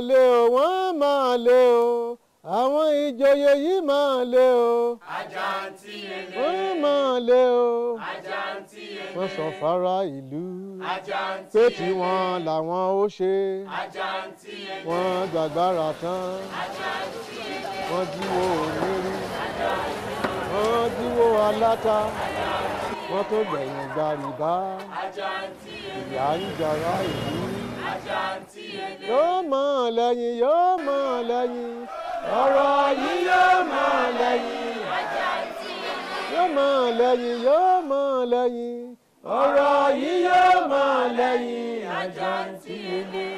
máa lé o wọ́n máa lé o àwọn ìjòyè yìí máa lé o. àjàǹtí ele. wọ́n máa lé o. àjàǹtí ele. wọ́n sọ fara ìlú. àjàǹtí ele. pé tiwọn làwọn ó ṣe. àjàǹtí ele. wọ́n gbàgbára tán. àjàǹtí ele. wọ́n jíwó onírí. àjàǹtí ele. wọ́n jíwó aláta. àjàǹtí ele. wọ́n tó gbẹ̀yìn gbàrìbá. àjàǹtí ele. ìyá ń jara ìlú yóò mọ̀ lẹ́yìn yóò mọ̀ lẹ́yìn ọ̀rọ̀ yìí yóò mọ̀ lẹ́yìn yóò mọ̀ lẹ́yìn yóò mọ̀ lẹ́yìn ọ̀rọ̀ yìí yóò mọ̀ lẹ́yìn àjàntì ilé.